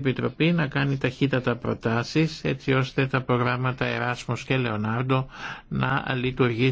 Επιτροπή να κάνει ταχύτατα προτάσεις έτσι ώστε τα προγράμματα Εράσμος και Λεωνάρντο να λειτουργήσουν